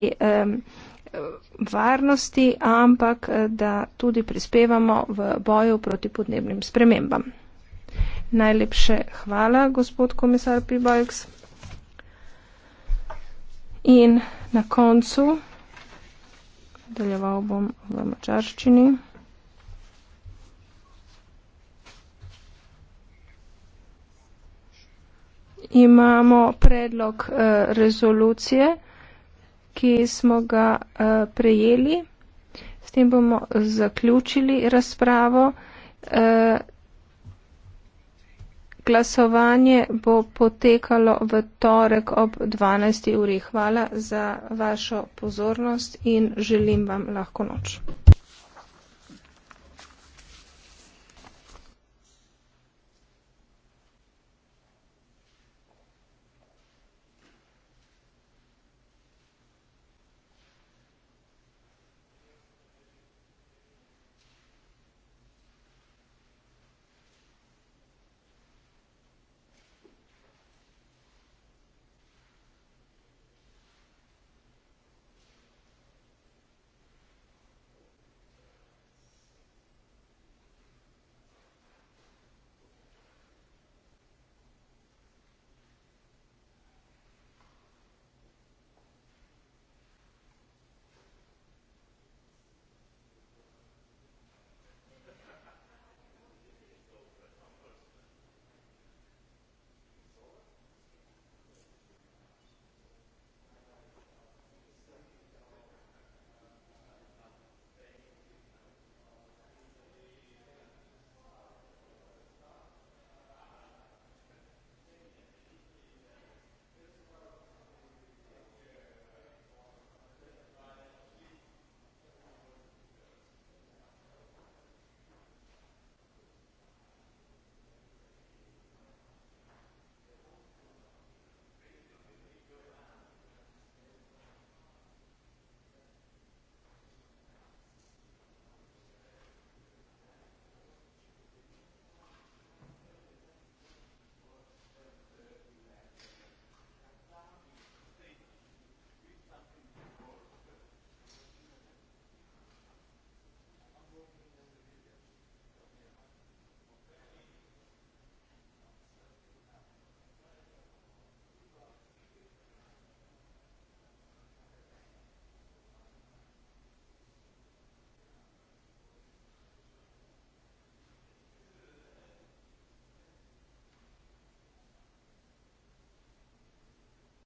um, varnosti, ampak eh, da tudi prispevamo v boju proti podnebnim spremembam. Najlepše hvala, gospod komisar Pibajks. In na koncu, nadaljeval bom v mačarščini. Imamo predlog eh, rezolucije ki smo ga uh, prejeli. S tem bomo zaključili razpravo. Uh, glasovanje bo potekalo v torek ob 12. uri. Hvala za vašo pozornost in želim vam lahko noč.